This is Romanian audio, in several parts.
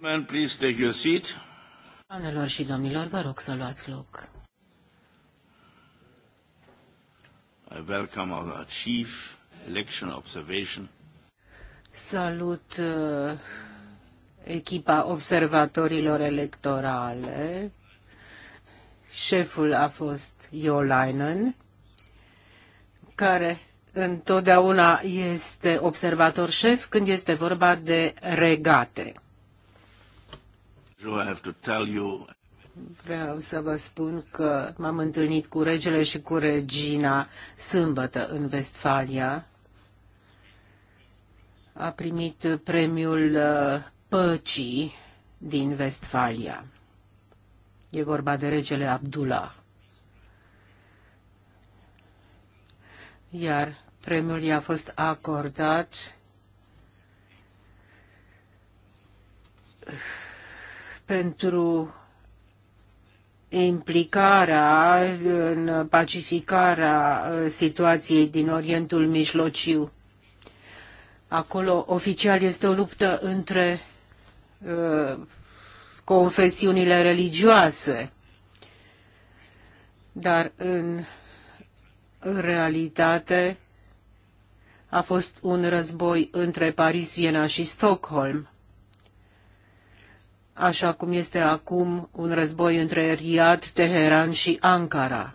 Man, please take your seat. Doamnelor și domnilor, vă rog să luați loc. I welcome our chief election observation. Salut uh, echipa observatorilor electorale. Șeful a fost Iolainen, care întotdeauna este observator șef când este vorba de regate. Vreau să vă spun că m-am întâlnit cu regele și cu regina sâmbătă în Vestfalia. A primit premiul uh, păcii din Vestfalia. E vorba de regele Abdullah. Iar premiul i-a fost acordat uh, pentru implicarea în pacificarea uh, situației din Orientul Mijlociu. Acolo oficial este o luptă între uh, confesiunile religioase, dar în realitate a fost un război între Paris, Viena și Stockholm așa cum este acum un război între Riad, Teheran și Ankara.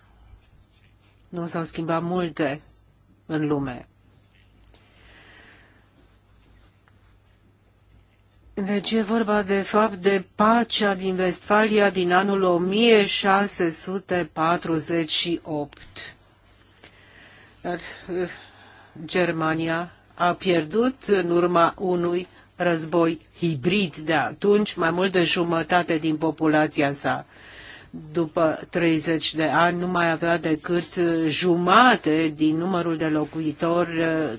Nu s-au schimbat multe în lume. Deci e vorba de fapt de pacea din Vestfalia din anul 1648. Dar uh, Germania a pierdut în urma unui război hibrid de atunci, mai mult de jumătate din populația sa după 30 de ani nu mai avea decât uh, jumate din numărul de locuitori uh,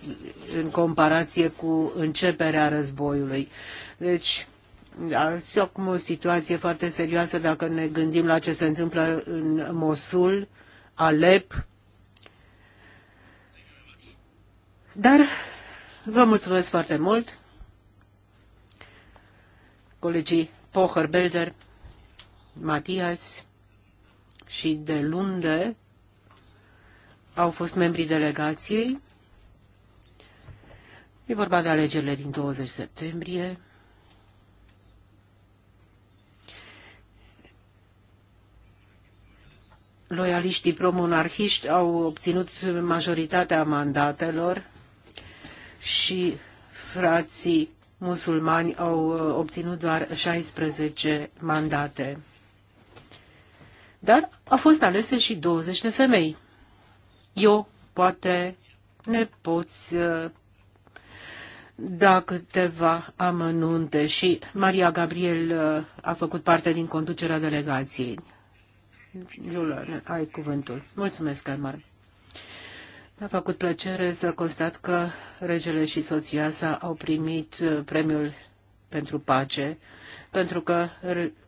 în comparație cu începerea războiului. Deci, da, este acum o situație foarte serioasă dacă ne gândim la ce se întâmplă în Mosul, Alep. Dar vă mulțumesc foarte mult colegii Pocher-Belder, Matias și de Lunde au fost membrii delegației. E vorba de alegerile din 20 septembrie. Loialiștii promonarhiști au obținut majoritatea mandatelor și frații musulmani au uh, obținut doar 16 mandate. Dar au fost alese și 20 de femei. Eu poate ne poți uh, da câteva amănunte și Maria Gabriel uh, a făcut parte din conducerea delegației. Julian, ai cuvântul. Mulțumesc, Carmen. Mi-a făcut plăcere să constat că regele și soția sa au primit uh, premiul pentru pace, pentru că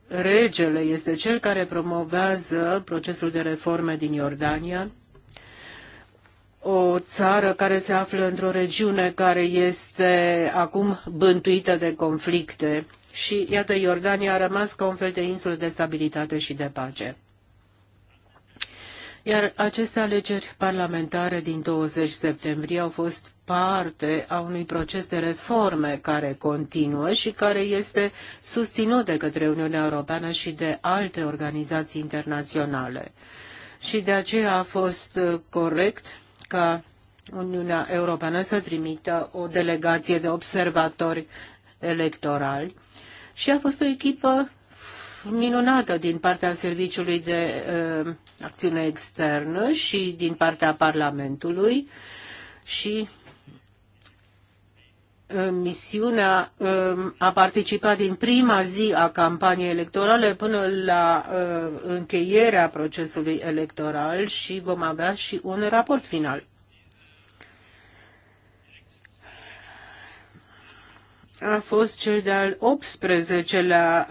regele este cel care promovează procesul de reforme din Iordania, o țară care se află într-o regiune care este acum bântuită de conflicte și, iată, Iordania a rămas ca un fel de insulă de stabilitate și de pace. Iar aceste alegeri parlamentare din 20 septembrie au fost parte a unui proces de reforme care continuă și care este susținut de către Uniunea Europeană și de alte organizații internaționale. Și de aceea a fost corect ca Uniunea Europeană să trimită o delegație de observatori electorali și a fost o echipă minunată din partea Serviciului de uh, Acțiune Externă și din partea Parlamentului și uh, misiunea uh, a participat din prima zi a campaniei electorale până la uh, încheierea procesului electoral și vom avea și un raport final. a fost cel de-al 18-lea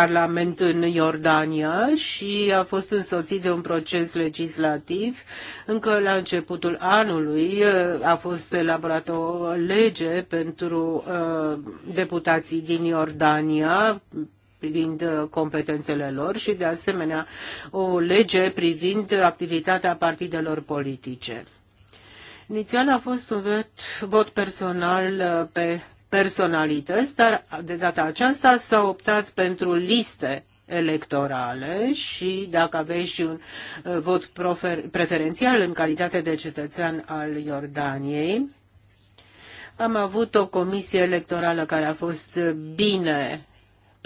Parlament în Iordania și a fost însoțit de un proces legislativ. Încă la începutul anului uh, a fost elaborată o lege pentru uh, deputații din Iordania privind uh, competențele lor și, de asemenea, o lege privind activitatea partidelor politice. Inițial a fost un vot, vot personal pe personalități, dar de data aceasta s-a optat pentru liste electorale și dacă aveți și un uh, vot preferențial în calitate de cetățean al Iordaniei. Am avut o comisie electorală care a fost bine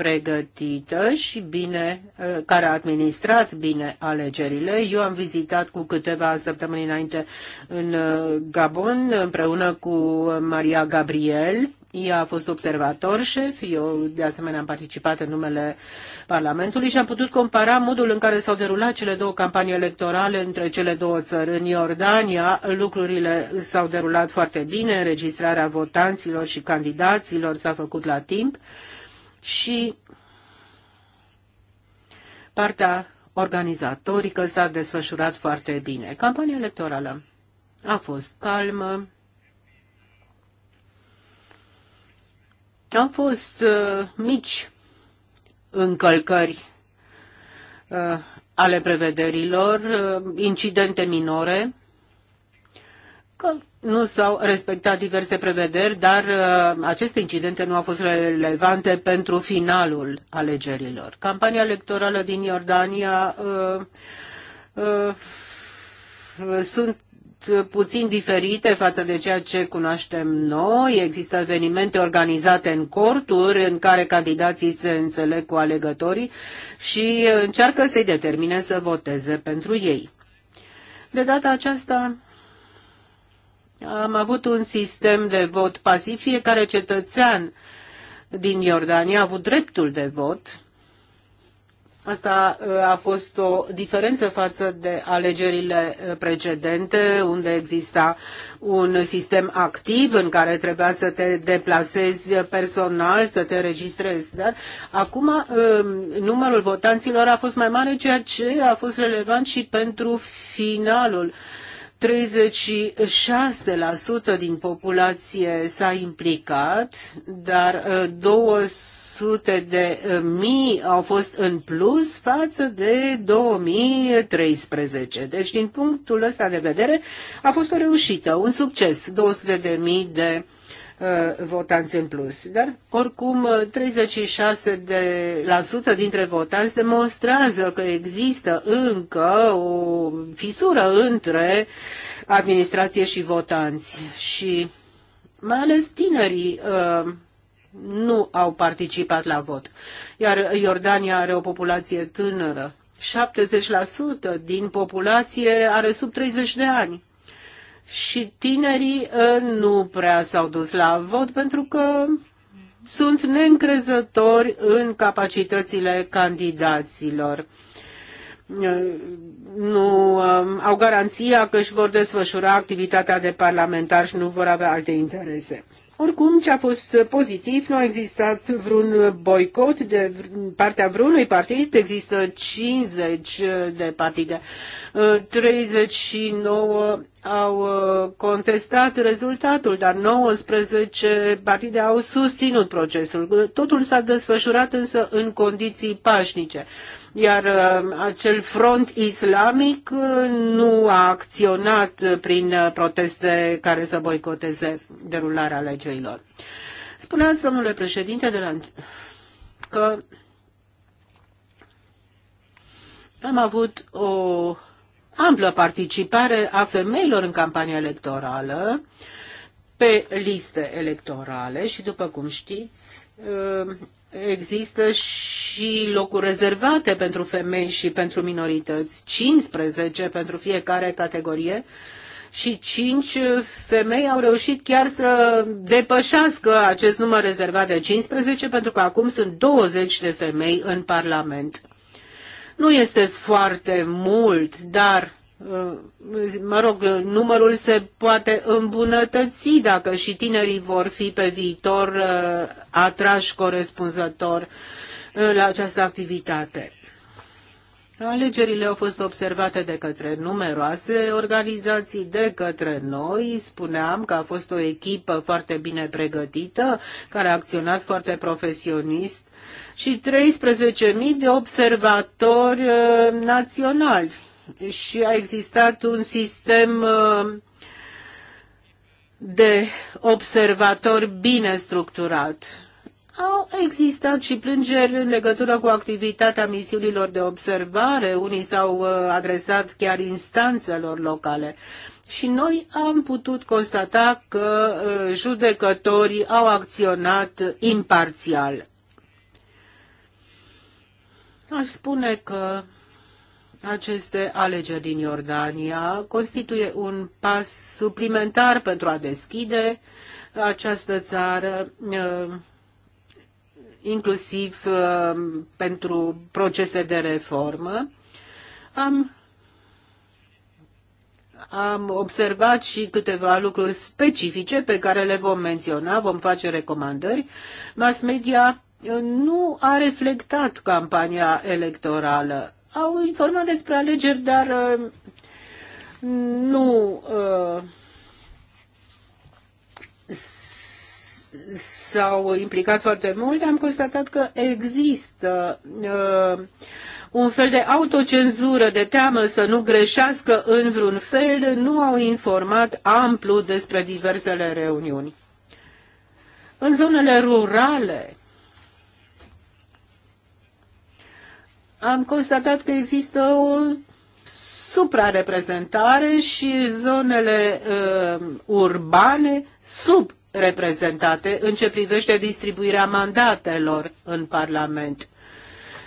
pregătită și bine, uh, care a administrat bine alegerile. Eu am vizitat cu câteva săptămâni înainte în uh, Gabon împreună cu Maria Gabriel. Ea a fost observator șef, eu de asemenea am participat în numele Parlamentului și am putut compara modul în care s-au derulat cele două campanii electorale între cele două țări. În Iordania lucrurile s-au derulat foarte bine, înregistrarea votanților și candidaților s-a făcut la timp și partea organizatorică s-a desfășurat foarte bine. Campania electorală a fost calmă, au fost uh, mici încălcări uh, ale prevederilor, uh, incidente minore, că nu s-au respectat diverse prevederi, dar uh, aceste incidente nu au fost relevante pentru finalul alegerilor. Campania electorală din Iordania uh, uh, sunt puțin diferite față de ceea ce cunoaștem noi. Există evenimente organizate în corturi în care candidații se înțeleg cu alegătorii și încearcă să-i determine să voteze pentru ei. De data aceasta, am avut un sistem de vot pasiv, fiecare cetățean din Iordania a avut dreptul de vot. Asta uh, a fost o diferență față de alegerile uh, precedente, unde exista un sistem activ în care trebuia să te deplasezi personal, să te registrezi. Dar acum um, numărul votanților a fost mai mare, ceea ce a fost relevant și pentru finalul uh, 36% din populație s-a implicat, dar 200 uh, de uh, mii au fost în plus față de 2013. Deci, din punctul ăsta de vedere, a fost o reușită, un succes, 200 de mii de uh, Uh, votanți în plus. Dar, oricum, 36% uh, dintre votanți demonstrează că există încă o fisură între administrație și votanți. Și mai ales tinerii uh, nu au participat la vot. Iar Iordania are o populație tânără. 70% din populație are sub 30 de ani și tinerii uh, nu prea s-au dus la vot pentru că sunt neîncrezători în capacitățile candidaților. Uh, nu um, au garanția că își vor desfășura activitatea de parlamentar și nu vor avea alte interese. Oricum, ce a fost pozitiv, nu a existat vreun boicot de partea vreunui partid, există 50 de partide. 39 uh, au uh, contestat rezultatul, dar 19 partide au susținut procesul. Totul s-a desfășurat însă în condiții pașnice iar uh, acel front islamic uh, nu a acționat prin uh, proteste care să boicoteze derularea alegerilor. Spunea domnule președinte, de la... că am avut o amplă participare a femeilor în campania electorală, pe liste electorale și, după cum știți, există și locuri rezervate pentru femei și pentru minorități, 15 pentru fiecare categorie și 5 femei au reușit chiar să depășească acest număr rezervat de 15 pentru că acum sunt 20 de femei în Parlament. Nu este foarte mult, dar mă rog, numărul se poate îmbunătăți dacă și tinerii vor fi pe viitor uh, atrași corespunzător uh, la această activitate. Alegerile au fost observate de către numeroase organizații, de către noi. Spuneam că a fost o echipă foarte bine pregătită, care a acționat foarte profesionist și 13.000 de observatori uh, naționali și a existat un sistem uh, de observatori bine structurat. Au existat și plângeri în legătură cu activitatea misiunilor de observare, unii s-au uh, adresat chiar instanțelor locale. Și noi am putut constata că uh, judecătorii au acționat imparțial. Aș spune că aceste alegeri din Iordania constituie un pas suplimentar pentru a deschide această țară uh, inclusiv uh, pentru procese de reformă. Am am observat și câteva lucruri specifice pe care le vom menționa, vom face recomandări. Mass media uh, nu a reflectat campania electorală au informat despre alegeri, dar uh, nu uh, s-au implicat foarte mult, am constatat că există uh, un fel de autocenzură, de teamă să nu greșească în vreun fel, nu au informat amplu despre diversele reuniuni. În zonele rurale, am constatat că există o suprareprezentare și zonele uh, urbane subreprezentate în ce privește distribuirea mandatelor în Parlament.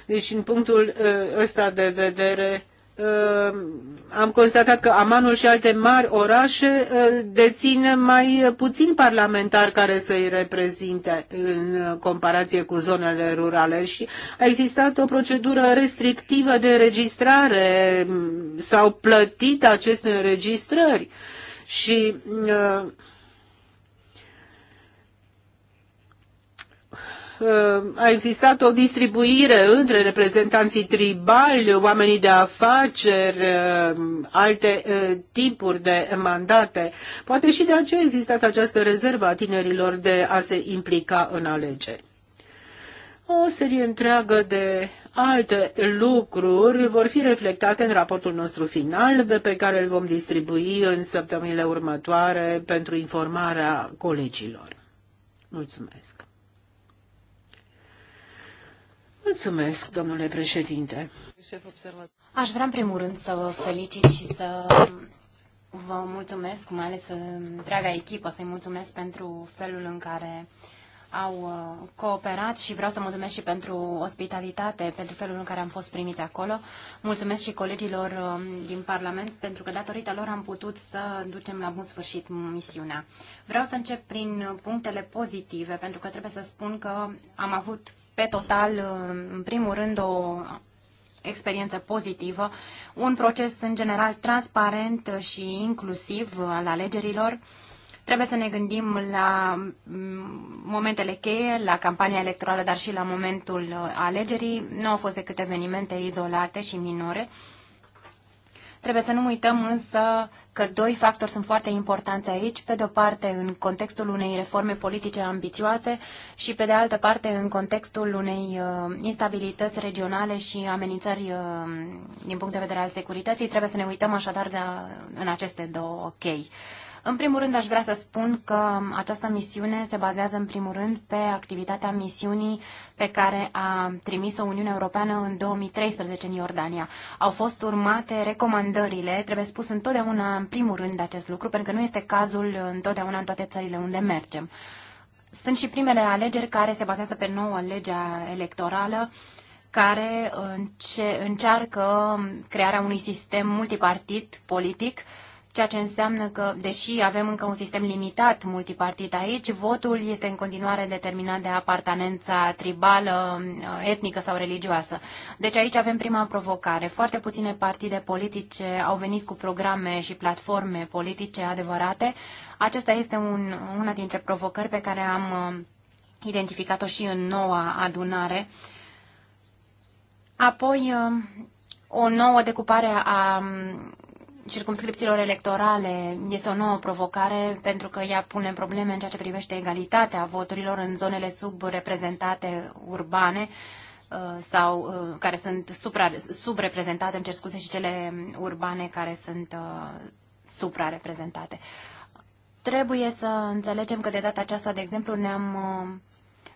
Deci, în punctul uh, ăsta de vedere, Ehm, am constatat că Amanul și alte mari orașe ehm, dețin mai puțin parlamentari care să îi reprezinte în comparație cu zonele rurale și a existat o procedură restrictivă de înregistrare, mm, s-au plătit aceste înregistrări și uh, Uh, a existat o distribuire între reprezentanții tribali, oamenii de afaceri, uh, alte uh, tipuri de mandate. Poate și de aceea a existat această rezervă a tinerilor de a se implica în alegeri. O serie întreagă de alte lucruri vor fi reflectate în raportul nostru final, pe care îl vom distribui în săptămânile următoare pentru informarea colegilor. Mulțumesc! Mulțumesc, domnule președinte. Aș vrea, în primul rând, să vă felicit și să vă mulțumesc, mai ales uh, întreaga echipă, să-i mulțumesc pentru felul în care au uh, cooperat și vreau să mulțumesc și pentru ospitalitate, pentru felul în care am fost primiți acolo. Mulțumesc și colegilor uh, din Parlament, pentru că datorită lor am putut să ducem la bun sfârșit misiunea. Vreau să încep prin punctele pozitive, pentru că trebuie să spun că am avut pe total, în primul rând, o experiență pozitivă, un proces în general transparent și inclusiv al alegerilor. Trebuie să ne gândim la mm, momentele cheie, la campania electorală, dar și la momentul alegerii. Nu au fost decât evenimente izolate și minore. Trebuie să nu uităm însă că doi factori sunt foarte importanți aici, pe de o parte în contextul unei reforme politice ambițioase și pe de altă parte în contextul unei uh, instabilități regionale și amenințări uh, din punct de vedere al securității. Trebuie să ne uităm așadar de, în aceste două chei. Okay. În primul rând, aș vrea să spun că această misiune se bazează, în primul rând, pe activitatea misiunii pe care a trimis-o Uniunea Europeană în 2013 în Iordania. Au fost urmate recomandările, trebuie spus întotdeauna, în primul rând, acest lucru, pentru că nu este cazul întotdeauna în toate țările unde mergem. Sunt și primele alegeri care se bazează pe noua legea electorală care încearcă crearea unui sistem multipartit politic uh, ceea ce înseamnă că, deși avem încă un sistem limitat multipartit aici, votul este în continuare determinat de apartenența tribală, etnică sau religioasă. Deci aici avem prima provocare. Foarte puține partide politice au venit cu programe și platforme politice adevărate. Acesta este un, una dintre provocări pe care am uh, identificat-o și în noua adunare. Apoi, uh, o nouă decupare a circumscripțiilor electorale este o nouă provocare pentru că ea pune probleme în ceea ce privește egalitatea voturilor în zonele subreprezentate urbane uh, sau uh, care sunt supra, subreprezentate, îmi cer scuze, și cele urbane care sunt uh, suprareprezentate. Trebuie să înțelegem că de data aceasta, de exemplu, ne-am uh,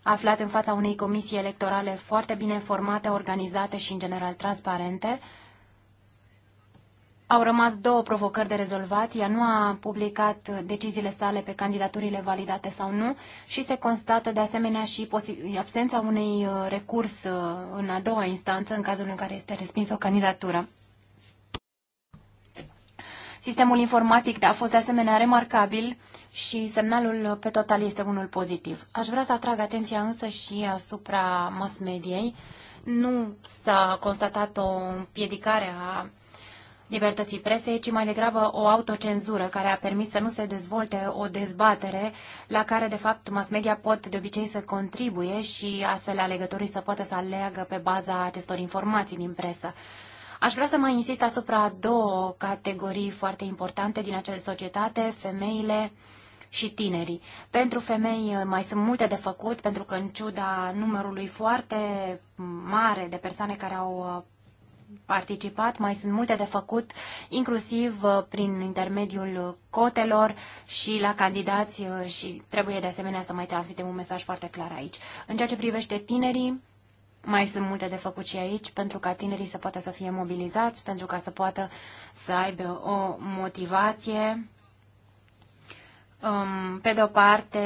aflat în fața unei comisii electorale foarte bine formate, organizate și, în general, transparente, uh, au rămas două provocări de rezolvat. Ea nu a publicat deciziile sale pe candidaturile validate sau nu și se constată de asemenea și absența unei uh, recurs uh, în a doua instanță în cazul în care este respinsă o candidatură. Sistemul informatic da, a fost de asemenea remarcabil și semnalul pe total este unul pozitiv. Aș vrea să atrag atenția însă și asupra mass mediei. Nu s-a constatat o împiedicare a libertății presei, ci mai degrabă o autocenzură care a permis să nu se dezvolte o dezbatere la care, de fapt, mass media pot de obicei să contribuie și astfel alegătorii să poată să aleagă pe baza acestor informații din presă. Aș vrea să mai insist asupra două categorii foarte importante din această societate, femeile și tinerii. Pentru femei uh, mai sunt multe de făcut, pentru că în ciuda numărului foarte mare de persoane care au uh, participat, mai sunt multe de făcut, inclusiv uh, prin intermediul cotelor și la candidați uh, și trebuie de asemenea să mai transmitem un mesaj foarte clar aici. În ceea ce privește tinerii, mai sunt multe de făcut și aici pentru ca tinerii să poată să fie mobilizați, pentru ca să poată să aibă o motivație. Um, pe de o parte,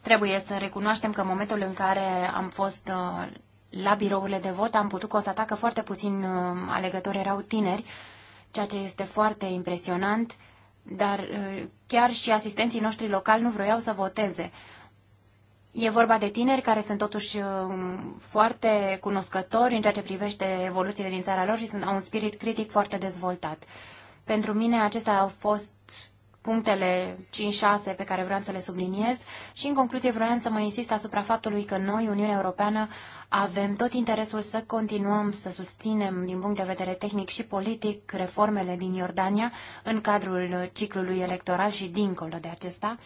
trebuie să recunoaștem că în momentul în care am fost uh, la birourile de vot am putut constata că foarte puțin uh, alegători erau tineri, ceea ce este foarte impresionant, dar uh, chiar și asistenții noștri locali nu vroiau să voteze. E vorba de tineri care sunt totuși uh, foarte cunoscători în ceea ce privește evoluțiile din țara lor și sunt, au un spirit critic foarte dezvoltat. Pentru mine acestea au fost punctele 5-6 pe care vreau să le subliniez și în concluzie vreau să mai insist asupra faptului că noi, Uniunea Europeană, avem tot interesul să continuăm să susținem din punct de vedere tehnic și politic reformele din Iordania în cadrul ciclului electoral și dincolo de acesta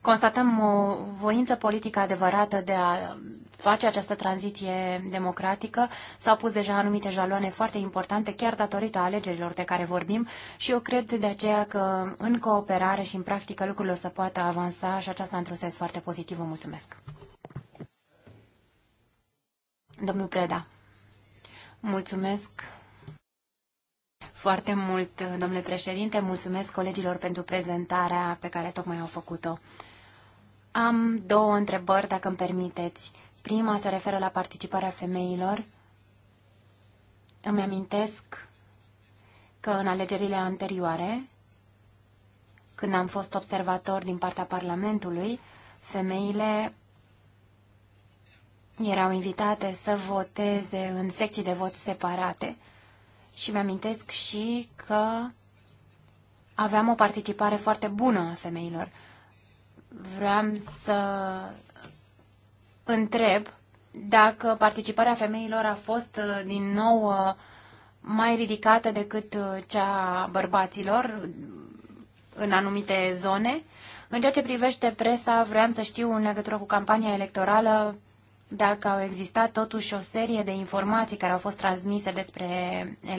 constatăm o voință politică adevărată de a face această tranziție democratică. S-au pus deja anumite jaloane foarte importante, chiar datorită alegerilor de care vorbim și eu cred de aceea că în cooperare și în practică lucrurile o să poată avansa și aceasta într-un sens foarte pozitiv. Vă mulțumesc. Domnul Preda, mulțumesc foarte mult, domnule președinte. Mulțumesc colegilor pentru prezentarea pe care tocmai au făcut-o. Am două întrebări, dacă îmi permiteți. Prima se referă la participarea femeilor. Îmi amintesc că în alegerile anterioare, când am fost observator din partea Parlamentului, femeile erau invitate să voteze în secții de vot separate. Și mi-amintesc și că aveam o participare foarte bună a femeilor vreau să întreb dacă participarea femeilor a fost uh, din nou uh, mai ridicată decât uh, cea a bărbaților în anumite zone. În ceea ce privește presa, vreau să știu în legătură cu campania electorală dacă au existat totuși o serie de informații care au fost transmise despre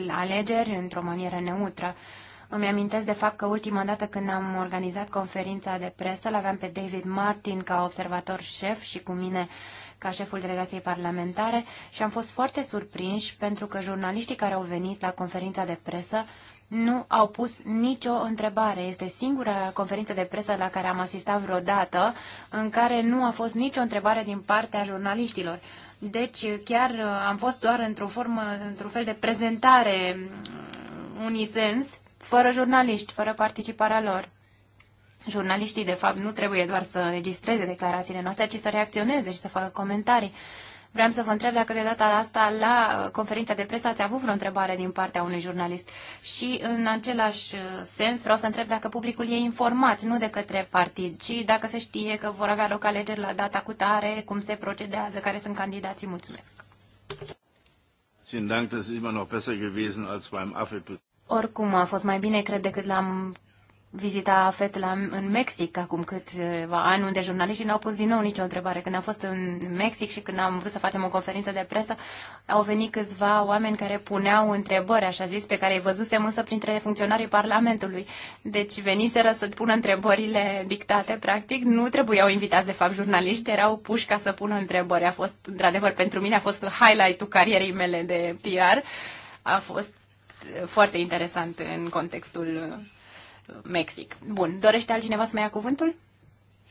alegeri într-o manieră neutră. Uh, îmi amintesc de fapt că ultima dată când am organizat conferința de presă, l-aveam pe David Martin ca observator șef și cu mine ca șeful delegației parlamentare și am fost foarte surprinși pentru că jurnaliștii care au venit la conferința de presă nu au pus nicio întrebare. Este singura conferință de presă la care am asistat vreodată în care nu a fost nicio întrebare din partea jurnaliștilor. Deci chiar uh, am fost doar într-o formă, într-un fel de prezentare uh, unisens fără jurnaliști, fără participarea lor. Jurnaliștii, de fapt, nu trebuie doar să registreze declarațiile noastre, ci să reacționeze și să facă comentarii. Vreau să vă întreb dacă de data asta la uh, conferința de presă ați avut vreo întrebare din partea unui jurnalist. Și în același uh, sens vreau să întreb dacă publicul e informat, nu de către partid, ci dacă se știe că vor avea loc alegeri la data cu tare, cum se procedează, care sunt candidații. Mulțumesc. Vielen Dank, das ist immer noch besser gewesen als beim oricum, a fost mai bine, cred, decât l-am vizita FET la, în Mexic acum câțiva ani, unde jurnaliștii n-au pus din nou nicio întrebare. Când am fost în Mexic și când am vrut să facem o conferință de presă, au venit câțiva oameni care puneau întrebări, așa zis, pe care îi văzusem însă printre funcționarii Parlamentului. Deci veniseră să pună întrebările dictate, practic. Nu trebuiau invitați, de fapt, jurnaliști, erau puși ca să pună întrebări. A fost, într-adevăr, pentru mine a fost highlight-ul carierei mele de PR. A fost foarte interesant în contextul uh, Mexic. Bun, dorește altcineva să mai ia cuvântul?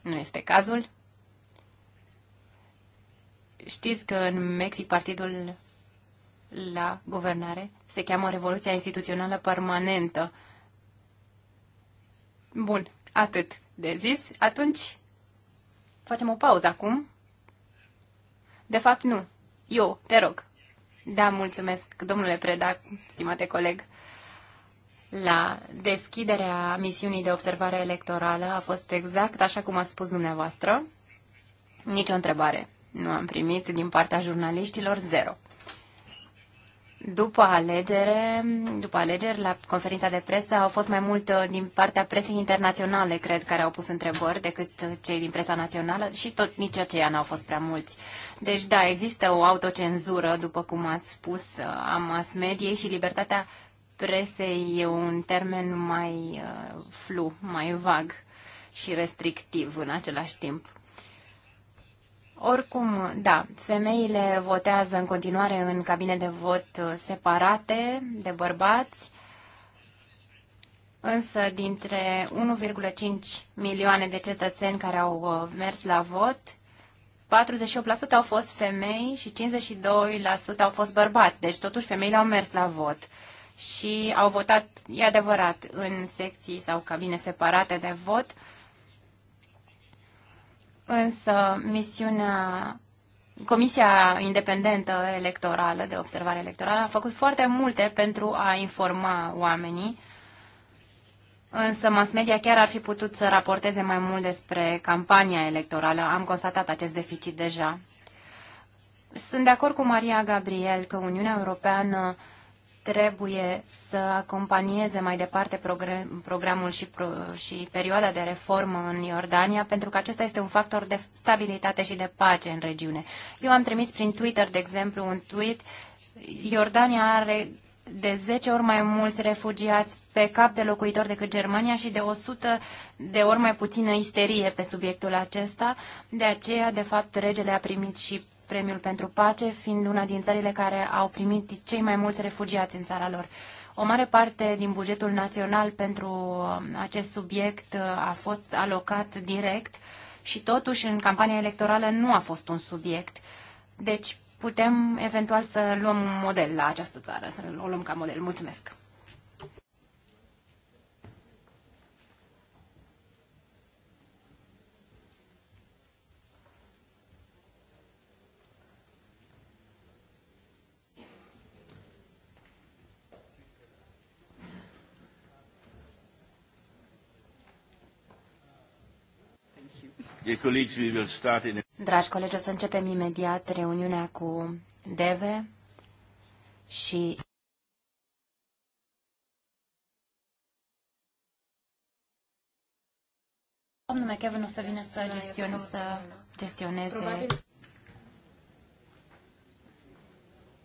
Nu este cazul. Știți că în Mexic partidul la guvernare se cheamă Revoluția Instituțională Permanentă. Bun, atât de zis. Atunci facem o pauză acum. De fapt, nu. Eu, te rog. Da, mulțumesc, domnule Preda, stimate coleg. La deschiderea misiunii de observare electorală a fost exact așa cum ați spus dumneavoastră. Nicio întrebare. Nu am primit din partea jurnaliștilor zero. După alegere, după alegeri, la conferința de presă au fost mai mult uh, din partea presei internaționale, cred, care au pus întrebări decât cei din presa națională și tot nici aceia n-au fost prea mulți. Deci, da, există o autocenzură, după cum ați spus, uh, a mass mediei și libertatea presei e un termen mai uh, flu, mai vag și restrictiv în același timp. Oricum, da, femeile votează în continuare în cabine de vot separate de bărbați, însă dintre 1,5 milioane de cetățeni care au uh, mers la vot, 48% au fost femei și 52% au fost bărbați. Deci totuși femeile au mers la vot și au votat, e adevărat, în secții sau cabine separate de vot, Însă, misiunea Comisia Independentă Electorală de Observare Electorală a făcut foarte multe pentru a informa oamenii, însă mass media chiar ar fi putut să raporteze mai mult despre campania electorală. Am constatat acest deficit deja. Sunt de acord cu Maria Gabriel că Uniunea Europeană uh, trebuie să acompanieze mai departe programul și, pro, și perioada de reformă în Iordania, pentru că acesta este un factor de stabilitate și de pace în regiune. Eu am trimis prin Twitter, de exemplu, un tweet. Iordania are de 10 ori mai mulți refugiați pe cap de locuitor decât Germania și de 100 de ori mai puțină isterie pe subiectul acesta. De aceea, de fapt, regele a primit și Premiul pentru Pace, fiind una din țările care au primit cei mai mulți refugiați în țara lor. O mare parte din bugetul național pentru um, acest subiect uh, a fost alocat direct și totuși în campania electorală nu a fost un subiect. Deci putem eventual să luăm un model la această țară, să o luăm ca model. Mulțumesc! Dragi colegi, o să începem imediat reuniunea cu Deve și Domnul McEvan o să vină să, gestion, să gestioneze